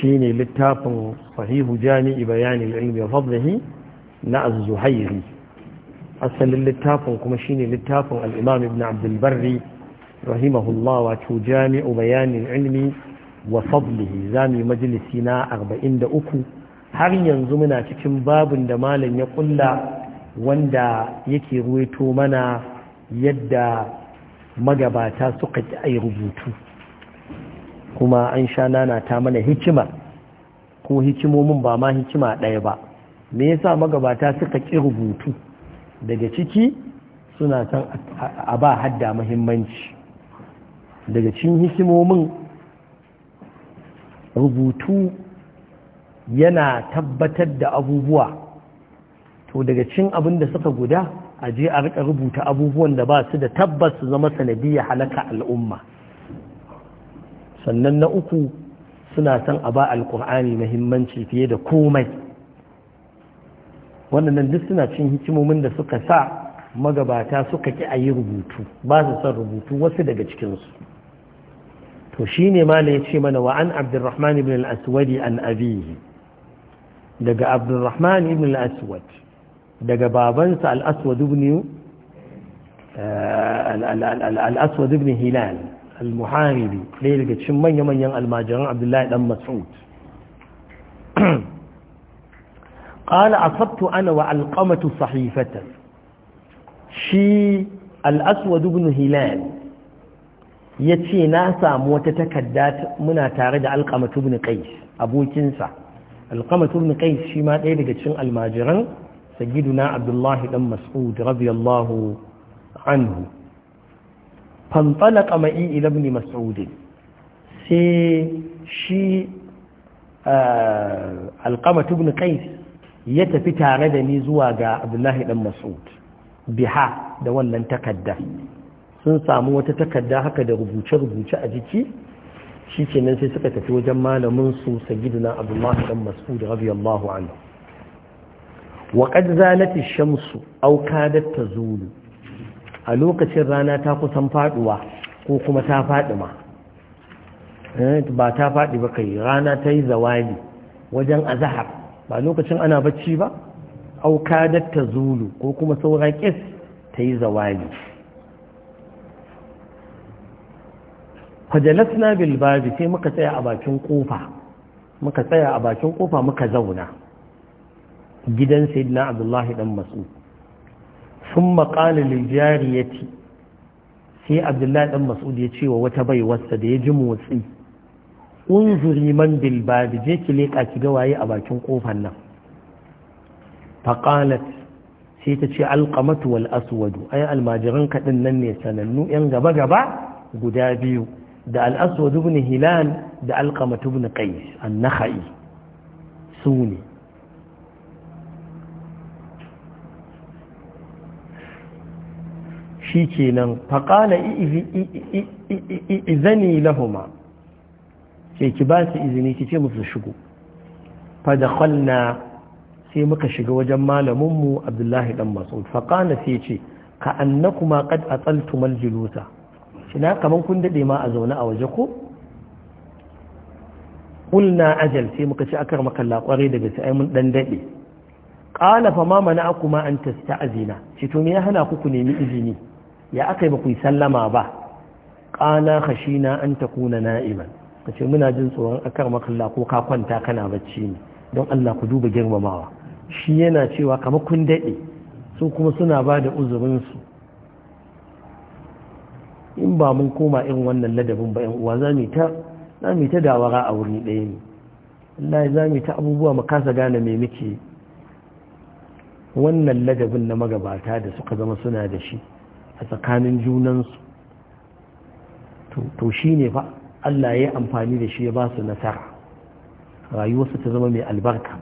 shine littafin sahihu jami'i bayanin ilmi wa na az-zuhairi asalin littafin kuma shine littafin al-imam ibn abd al-barri rahimahullah wa tu jami'u bayani ilmi wa fadlihi zami majalisi na 43 har yanzu muna cikin babin da malam ya kulla wanda yake ruwaito mana yadda magabata suka ƙi rubutu kuma an sha nana ta mana hikima ko hikimomin ba ma hikima ɗaya ba me yasa magabata suka ƙi rubutu daga ciki suna son a ba hadda muhimmanci daga cikin hikimomin rubutu yana tabbatar da abubuwa to daga cikin abin da suka guda a je a rika rubuta abubuwan da ba su da tabbas su zama sanadiyya halaka al'umma sannan na uku suna son a ba alkur'ani mahimmanci fiye da komai wannan duk suna cin hikimomin da suka sa magabata suka ki a yi rubutu ba su son rubutu wasu daga cikinsu to shi ne ma ya ce mana wa an abdurrahman ibn al-aswadi an abihi daga abdurrahman ibn al-aswad daga babansa al-aswad ibn al ibn hilal al daya ɗaya daga cikin manya-manyan almajiran abdullahi ɗan mas'ud ƙala asabtu ana wa alƙamatu sahifatar shi al'aswadu bin hilal ya ce na samu wata takarda muna tare da alƙamatu bin qais abokinsa alƙamatu bin ƙa'is shi ma ɗaya daga cikin almajiran sagiduna abdullahi ɗan mas'ud radiyallahu anhu فانطلق معي إلى ابن مسعود سي شي آه القمة ابن قيس يتفت عردني زواج عبد الله بن مسعود بها دولا تكدى sun samu wata takarda haka da rubuce-rubuce a jiki shi ke nan sai suka tafi wajen malamin su sagidina abdullahi dan mas'ud radiyallahu anhu wa qad shamsu auka kadat a lokacin rana ta kusan faduwa ko kuma ta faɗi ma eh, ba ta faɗi ba kai rana ta yi zawali wajen azahar ba lokacin ana bacci ba auka ta zulu ko kuma sauran kis ta yi zawali fajalasna bilbabi sai muka tsaya a bakin kofa muka tsaya a bakin kofa muka zauna gidan sayyidina abdullahi dan mas'ud sun maƙali lijariyaci sai abdullahi ɗan mas'ud ya ce wa wata baiwarsa da ya ji motsi unzuri man bilbabi je ki leƙa ki ga waye a bakin ƙofar nan faƙalat sai ta ce alƙamatu wal aswadu ai almajiran kaɗin nan ne sanannu yan gaba gaba guda biyu da aswadu ibn hilal da alƙamatu ibn qais an-nakhai su ne shi kenan faƙala izani lahuma ce ki ba su izini ki ce musu shigo fadakwalna sai muka shiga wajen malaminmu abdullahi dan masud faƙala sai ce ka annakuma a atsaltumal julusa shi na kamar kun dade ma a zaune a waje ko qulna ajal sai muka ci akar makalla kware daga sai mun ɗan dade ƙalafa fa ma mana'akuma an tasta'zina shi to me ya hana ku ku nemi izini ya aka yi ba ku yi sallama ba ƙana na an ta kuna na'iman ka ce muna jin tsoron akar makalla ko ka kwanta kana bacci ne don Allah ku duba girmamawa shi yana cewa kamar kun daɗe su kuma suna ba da uzurinsu in ba mun koma irin wannan ladabin ba uwa za mu yi ta dawara a wuri ɗaya ne Allah za mu ta abubuwa mu kasa gane me muke wannan ladabin na magabata da suka zama suna da shi a tsakanin junansu to shi ne fa Allah ya yi amfani da shi ya ba su nasara rayuwarsu ta zama mai albarka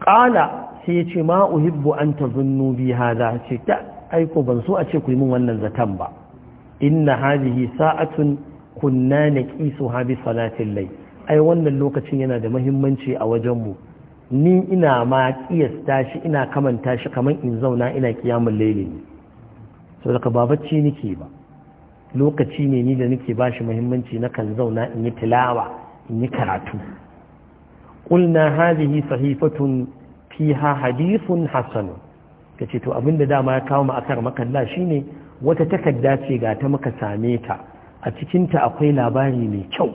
ƙala sai ya ce ma'uhibbu an ta zunnu bi hada ce ta aiko ban so a ce ku yi min wannan zaton ba inna hadihi sa'atun kunna na ƙisu ha bi salatin lai ai wannan lokacin yana da mahimmanci a wajenmu ni ina ma kiyasta shi ina kamanta shi kamar in zauna ina kiyamun laili ne so daga ba nake ba lokaci ne ni da nake ba shi muhimmanci na kan zauna in yi tilawa in yi karatu qulna hadhihi sahifatun fiha hadithun Ka kace to abinda dama ya kawo mu akar makalla shine wata takarda ce ga ta muka same ta a cikinta akwai labari mai kyau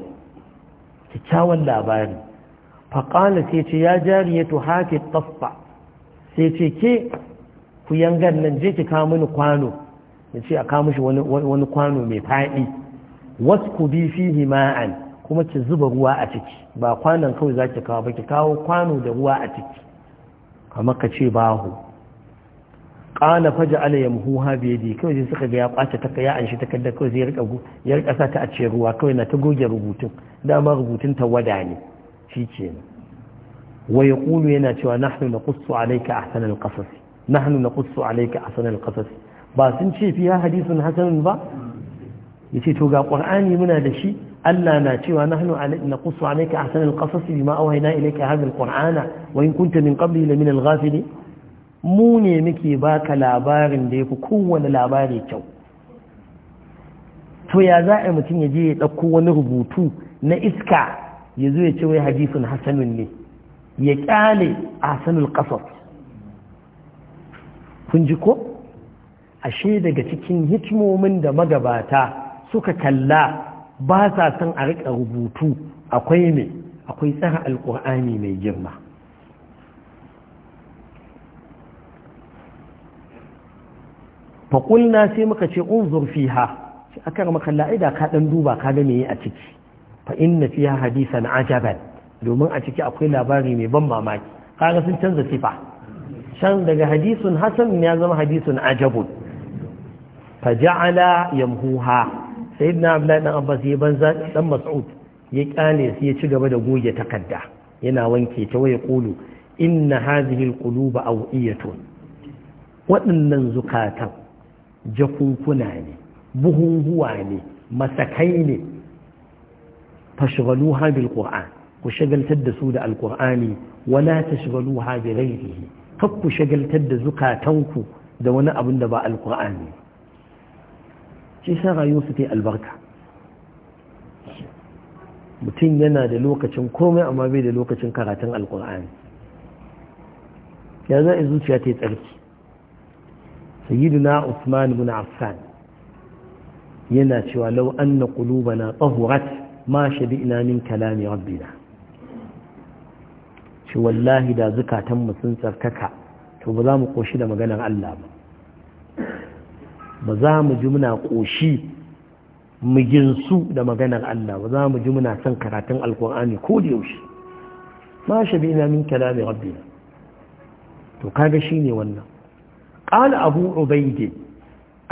kyakkyawan labari faƙala sai ce ya jariya to haƙi tsaffa sai ce ke ku yangan nan je ki kawo mini kwano ya ce a kawo mishi wani kwano mai faɗi wasu ku bi fi ma'an kuma ki zuba ruwa a ciki ba kwanon kawai za ki kawo ba ki kawo kwano da ruwa a ciki kamar ka ce bahu ƙana faja ala ya ha biye da kawai suka ga ya ƙwace ta ya shi ta kawai zai ya rika sa ta a ce ruwa kawai na ta goge rubutun dama rubutun ta wada ne shi ce wai ya yana cewa nahnu na kusu alaika a nahnu na kusu alaika a sanar ba sun ce fiya hadisun hasanun ba ya ce to ga ƙwar'ani muna da shi Allah na cewa nahnu na kusu alaika a sanar ƙasasi bi ma'awaina ilaika hazin ƙwar'ana wa in kunta min qabli la min alghafili mu ne muke baka labarin da yafi fi kowane labari kyau to ya za a mutum ya je ya ɗauko wani rubutu na iska ya zo ya ce wai hadisin hasanun ne ya kyale a hasanul kasar kun ji ko ashe daga cikin hikimomin da magabata suka kalla ba sa son a riƙa rubutu akwai mai akwai tsara alƙur'ani mai girma ƙulna sai muka ce unzur ha, a kar makalla ai da ka ɗan duba ka ga me a ciki fa inna fiha hadisan ajaban domin a ciki akwai labari mai ban mamaki kaga sun canza sifa can daga hadisun hasan ya zama hadisun ajabun fa ja'ala yamhuha sayyidina abdullahi dan abbas ya banza dan mas'ud ya kyale su ya ci gaba da goge takarda yana wanke ta waya kulu inna hadhihi alquluba awiyatun waɗannan zukatan jakunkuna ne buhunhuwa ne masakai ne fashghaluha bil qur'an ku shagaltar da su da alqur'ani wala tashghaluha bi ghayrihi kar ku shagaltar da zukatanku da wani abin da ba alqur'ani shi sa rayuwar su albarka mutum yana da lokacin komai amma bai da lokacin karatun alqur'ani ya za zuciya ta yi tsarki sayyiduna usman bin affan yana cewa law anna qulubana tahurat ma shabi'na min kalami rabbina shi wallahi da zukatanmu sun tsarkaka to ba za mu ƙoshi da maganar Allah ba ba za mu ji muna ƙoshi mu ginsu da maganar Allah ba za mu ji muna son karatun alkur'ani ko da yaushe ma shabi'na min kalami rabbina to kaga shine wannan قال أبو عبيد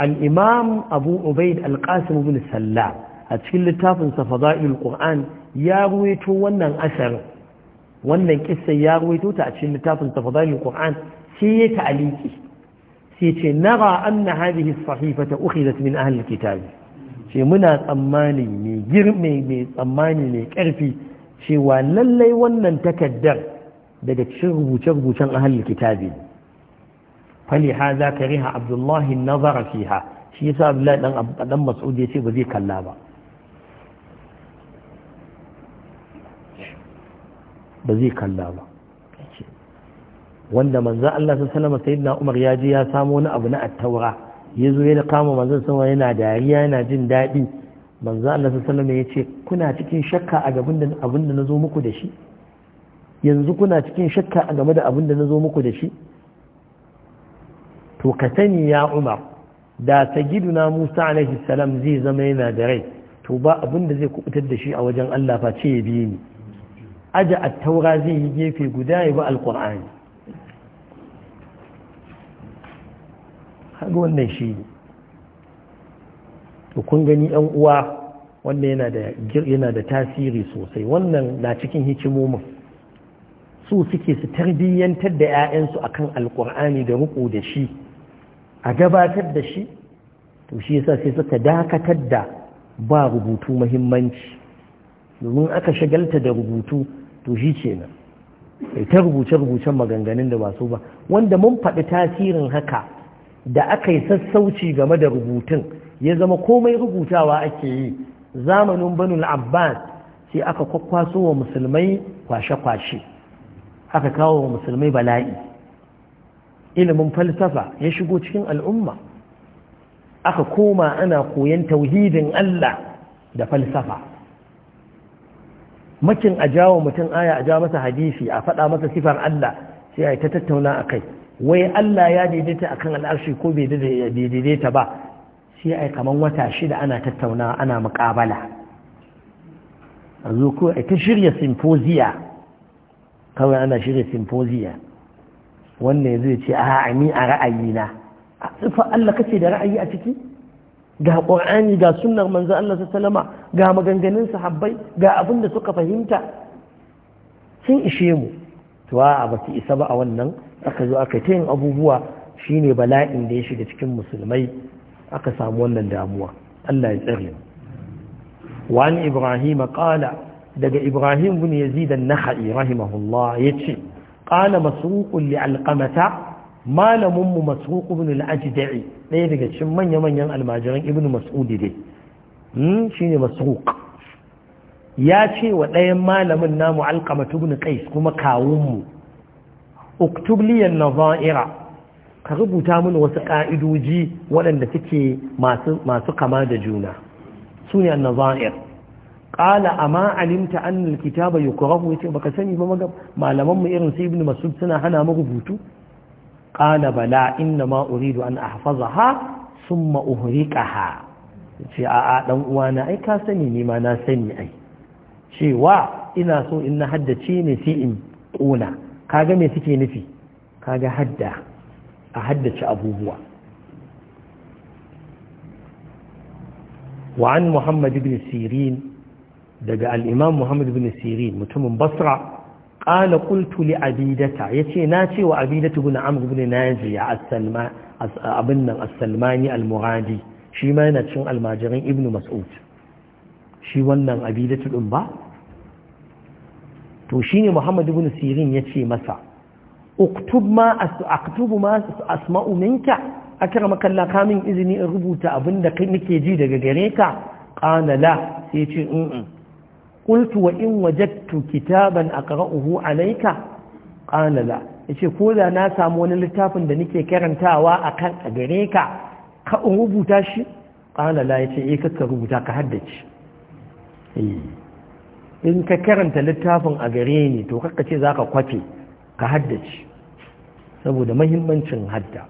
الإمام أبو al القاسم بن سلام a cikin littafinsa safada'il qur'an ya ruwaito wannan asarin wannan kissa ya ruwaito ta a cikin littafinsa safada'il qur'an sai ya ta'aliki sai ce nara anna hadhihi sahifata ukhidat min ahli alkitab ce muna tsammani mai girme mai tsammani mai karfi cewa lallai wannan takaddar daga cikin rubuce-rubucen ahli kitabi fali haza kariha abdullahi nazara fiha shi yasa abdullahi dan dan mas'ud ce ba zai kalla ba ba zai kalla ba wanda manzan Allah sun salama sai na umar ya je ya samu wani abu na attaura ya zo ya kama manzan sama yana dariya yana jin daɗi manzan Allah sun salama ya ce kuna cikin shakka a gaban da abin da na zo muku da shi yanzu kuna cikin shakka a game da abin da na zo muku da shi to ka sani ya umar da ta giduna musa alaihi salam zai zama yana da rai to ba abin da zai kubutar da shi a wajen Allah fa ce ya biye ni aje attaura zai yi gefe guda ya bi alkur'ani haɗu wannan shi ne kun gani yan uwa wanda yana da tasiri sosai wannan na cikin hikimomin su suke su tarbiyyantar da 'ya'yansu a kan alkur'ani da riko da shi a gabatar da shi to shi yasa sai suka dakatar da ba rubutu mahimmanci domin aka shagalta da rubutu to shi kenan nan ta rubuce-rubucen maganganun da ba ba wanda mun faɗi tasirin haka da aka yi sassauci game da rubutun ya zama komai rubutawa ake yi zamanin banul abbas sai aka kwakwaso wa musulmai kwashe-kwashe aka kawo wa musulmai bala'i ilimin falsafa ya shigo cikin al'umma aka koma ana koyan tauhidin allah da falsafa makin a jawo mutum aya a jawo masa hadisi a faɗa masa sifar Allah sai a yi ta tattauna a kai wai Allah ya daidaita akan al'arshi ko bai daidaita ba sai a kaman wata shida ana tattauna ana muƙabala a zo ko a ta shirya simfoziya kawai ana shirya simfoziya wannan ya ce a ni a ra'ayina a tsufa Allah kace da ra'ayi a ciki ga ƙur'ani ga sunnar manzo Allah sallama ga maganganun sahabbai ga abin da suka fahimta sun ishe mu to a ba su isa ba a wannan aka zo aka yin abubuwa shine bala'in da ya shiga cikin musulmai aka samu wannan damuwa Allah ya tsare mu wani ibrahim qala daga ibrahim bin yazid an-nakhai rahimahullah yace qala masuqul li alqamata malaminmu mas'ud ibn al-ajda'i ɗaya daga cikin manya-manyan almajiran ibn mas'ud dai hmm, shine mas'ud ya ce wa ɗayan malamin namu alqama ibn qais kuma kawunmu uktub li an-nazaira ka rubuta mana wasu ka'idoji waɗanda suke masu masu kama da juna sune an-nazair قال أما علمت أن الكتاب يكره baka sani سني بما malaman mu irin su ibn mas'ud suna hana mu rubutu qala bala in na ma'uridu an ahfazaha thumma uhriqaha ce a a dan uwana ai ka sani ni ma na sani ai cewa ina so in na haddace ne sai in kona kaga me suke nufi kaga hadda a haddace abubuwa وعن محمد بن سيرين دقى الإمام محمد بن Sirin mutumin Basra. qala qultu li abidata yace na ce wa abidatu ibn amr ibn najiya as-salma abin nan as-salmani al-muradi shi ma yana cin almajirin ibn mas'ud shi wannan abidatu din ba to shine muhammad ibn sirin yace masa uktub ma aktubu ma asma'u minka akrama kalla kamin izini in rubuta abinda kai nake ji daga gare ka qala la sai ce qultu wa waje wajadtu kitaban aqra'uhu alaika? qala yace ko da na samu wani littafin da nake karantawa akan a gare ka ka rubuta shi qala la ce, e ka rubuta ka haddace in ka karanta littafin a gare ni to kakka ce zaka kwafe ka haddace saboda mahimmancin hadda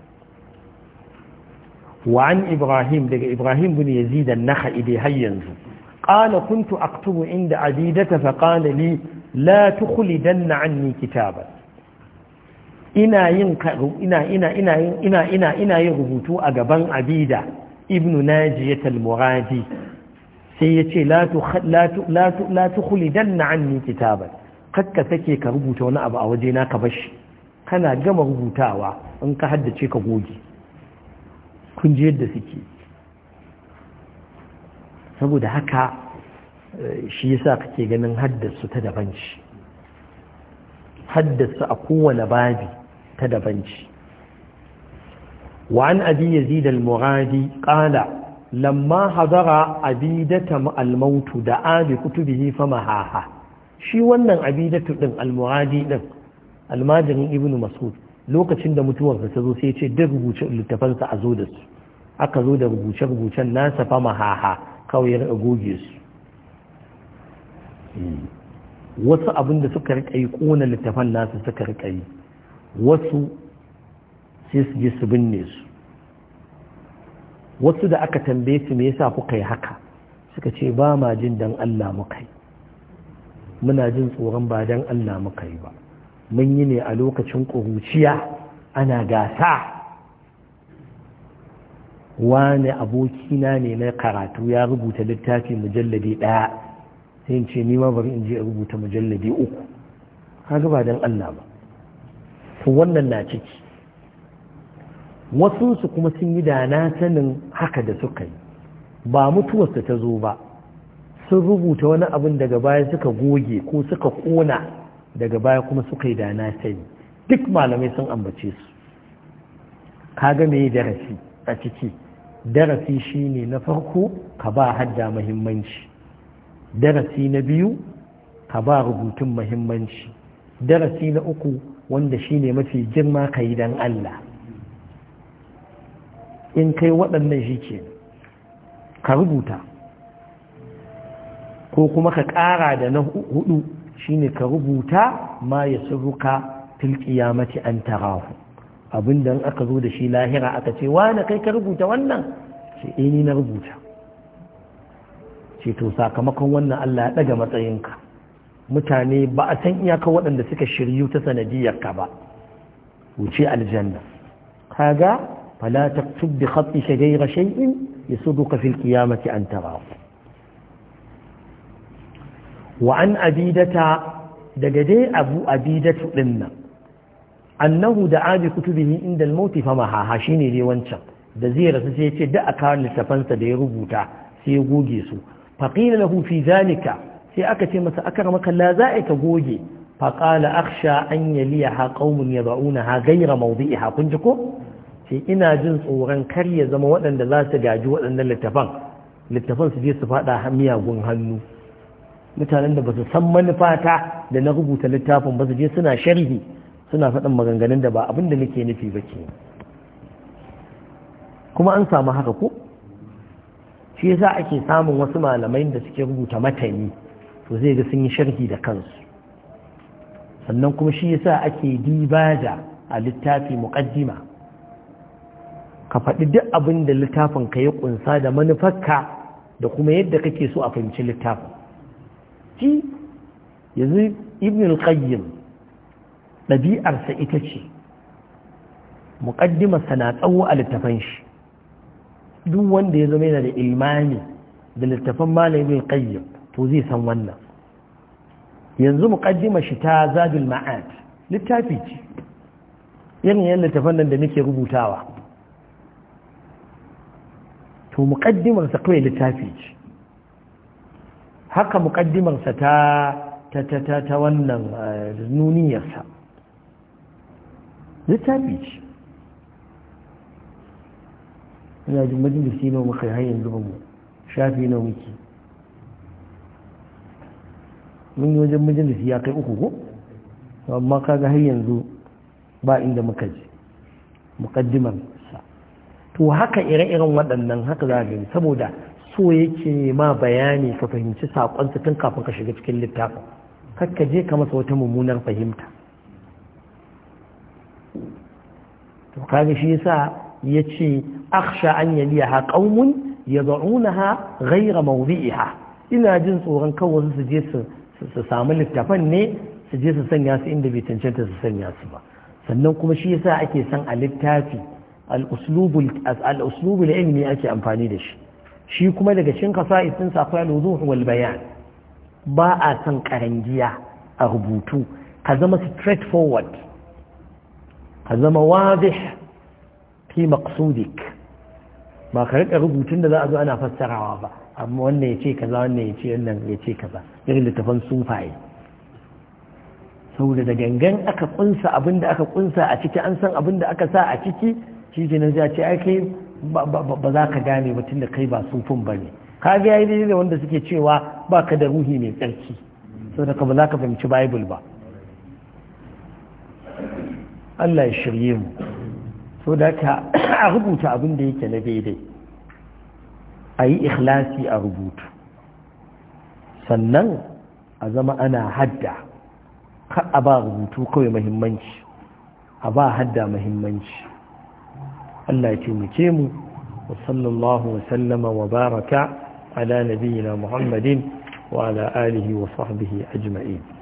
daga Ibrahim دقى إبراهيم بن naka ide har yanzu? قال kuntu أكتب عند عبيدة فقال لي لا تخلدن ni, كتابا ina yin ina ina ina ina ina ina yin rubutu a gaban abida ibnu najiyat al-muradi sai yace ce la tu la tu la kitaban kakka take ka rubuta wani abu a waje na ka bashi kana gama rubutawa in ka haddace ka goge kun ji yadda suke saboda haka eh, shi yasa kake ganin haddasa ta daban haddasa a kowane babi ta daban ce muradi أبي يزيد المغادي قال لما حضر عبيدة الموت دعا بكتبه فمهاها shi wannan abidatu din muradi din almajirin ibnu mas'ud lokacin da mutuwarsa ta zo sai ce duk rubuce littafansa a zo da su aka zo da rubuce-rubucen nasa fa mahaha kawai a rika goge su hmm. wasu abin da suka rika yi kona littafan nasu suka rika yi wasu sai su je su binne su wasu da aka tambaye su me yasa kuka yi haka suka ce ba ma jin dan Allah muka yi muna jin tsoron ba dan Allah muka yi ba mun yi ne a lokacin ƙuruciya ana gasa wani abokina ne na karatu ya rubuta littafi mujalladi ɗaya sai in ce ni ma bari in je rubuta mujalladi uku kaga ba don Allah ba to wannan na ciki wasu su kuma sun yi da na sanin haka da suka yi ba mutuwarsa ta zo ba sun rubuta wani abin daga baya suka goge ko suka kona daga baya kuma suka yi da na sani duk malamai sun ambace su kaga me darasi a ciki darasi shine na farko ka ba hadda mahimmanci darasi na biyu ka ba rubutun mahimmanci darasi na uku wanda shine mafi girma ka yi don Allah in kai waɗannan shi ke ka rubuta ko kuma ka ƙara da na hudu shine ka rubuta ma ya suruka fil ƙiyamati an tarahu abin da aka zo da shi lahira aka ce wane kai ka rubuta wannan ce eh, ni na rubuta ce to sakamakon wannan Allah ya daga matsayinka mutane ba a san iyaka waɗanda suka shiryu ta sanadiyar ka ba wuce aljanna kaga fala taktub bi khatti shay'a shay'in yasuduka fil qiyamati an tarahu wa an abidata daga dai abu abidatu dinnan annahu da abi kutubihi inda al-mauti fa mahaha shine dai wancan da zai rasu sai yace da aka littafansa da ya rubuta sai ya goge su faqila lahu fi zalika sai aka ce masa akramaka la za'i ka goge faqala akhsha an yaliha qaumun yad'unaha ghayra mawdi'iha kun ji ko sai ina jin tsoron kar ya zama waɗanda za su gaji waɗannan littafan littafan su je su faɗa miyagun hannu mutanen da ba su san manufata da na rubuta littafin ba su je suna sharhi suna faɗin maganganun da ba abin da nake nufi ba ke kuma an samu haka ko shi yasa ake samun wasu malamai da suke rubuta matani to zai ga sun yi sharhi da kansu sannan kuma shi yasa ake diba da a littafi muƙaddima ka faɗi duk abin da littafin ka ya ƙunsa da manufarka da kuma yadda kake so a fahimci littafin Ki? yanzu ibn al-qayyim ɗabi'arsa ita ce muƙaddimarsa na tsawo a littafan shi duk wanda ya zama yana da ilmami da littafan malamin qayyim to zai san wannan yanzu muƙaddimar shi ta zabil ma'ad littafi ce irin yan littafan nan da nake rubutawa to muƙaddimarsa kawai littafi ce haka muƙaddimarsa ta ta ta ta wannan eh, nuniyarsa littafi ce ina jin majalisi nawa muka har yanzu ba mu shafi na muke mun yi wajen majalisi ya kai uku ko amma kaga har yanzu ba inda muka ji, muqaddimar sa to haka ire-iren waɗannan haka za gani saboda so yake ma bayani ka fahimci saƙonsa tun kafin ka shiga cikin littafin kakka je ka masa wata mummunar fahimta to kaga shi yasa yace akhsha an yaliha qaumun yad'unaha ghayra mawdi'iha ina jin tsoron kawai su je su samu littafan ne su je su sanya su inda bai cancanta su sanya su ba sannan kuma shi yasa ake son a littafi al-uslubul ilmi ake amfani da shi shi kuma daga cikin kasa'id din akwai al-wuduh wal bayan ba a son karangiya a rubutu ka zama straightforward a zama wadih fi maqsudik ba ka rika rubutun da za a zo ana fassarawa ba amma wannan ya ce kaza wannan ya ce wannan ya ce kaza irin littafan sufaye saboda da gangan aka kunsa abin da aka kunsa a ciki an san abin da aka sa a ciki shi ke nan ce ai kai ba za ka gane ba da kai ba sufin ba ne ka ga yayi da wanda suke cewa ba ka da ruhi mai tsarki saboda ka ba za ka fahimci bible ba Allah ya shirye mu so da ka a rubuta abin da yake na daidai a yi ikhlasi a rubutu sannan a zama ana hadda a ba rubutu kawai mahimmanci a ba hadda mahimmanci Allah ya taimake mu wa sallallahu wabaraka sallama wa baraka ala nabiyina muhammadin wa ala alihi wa sahbihi ajma'in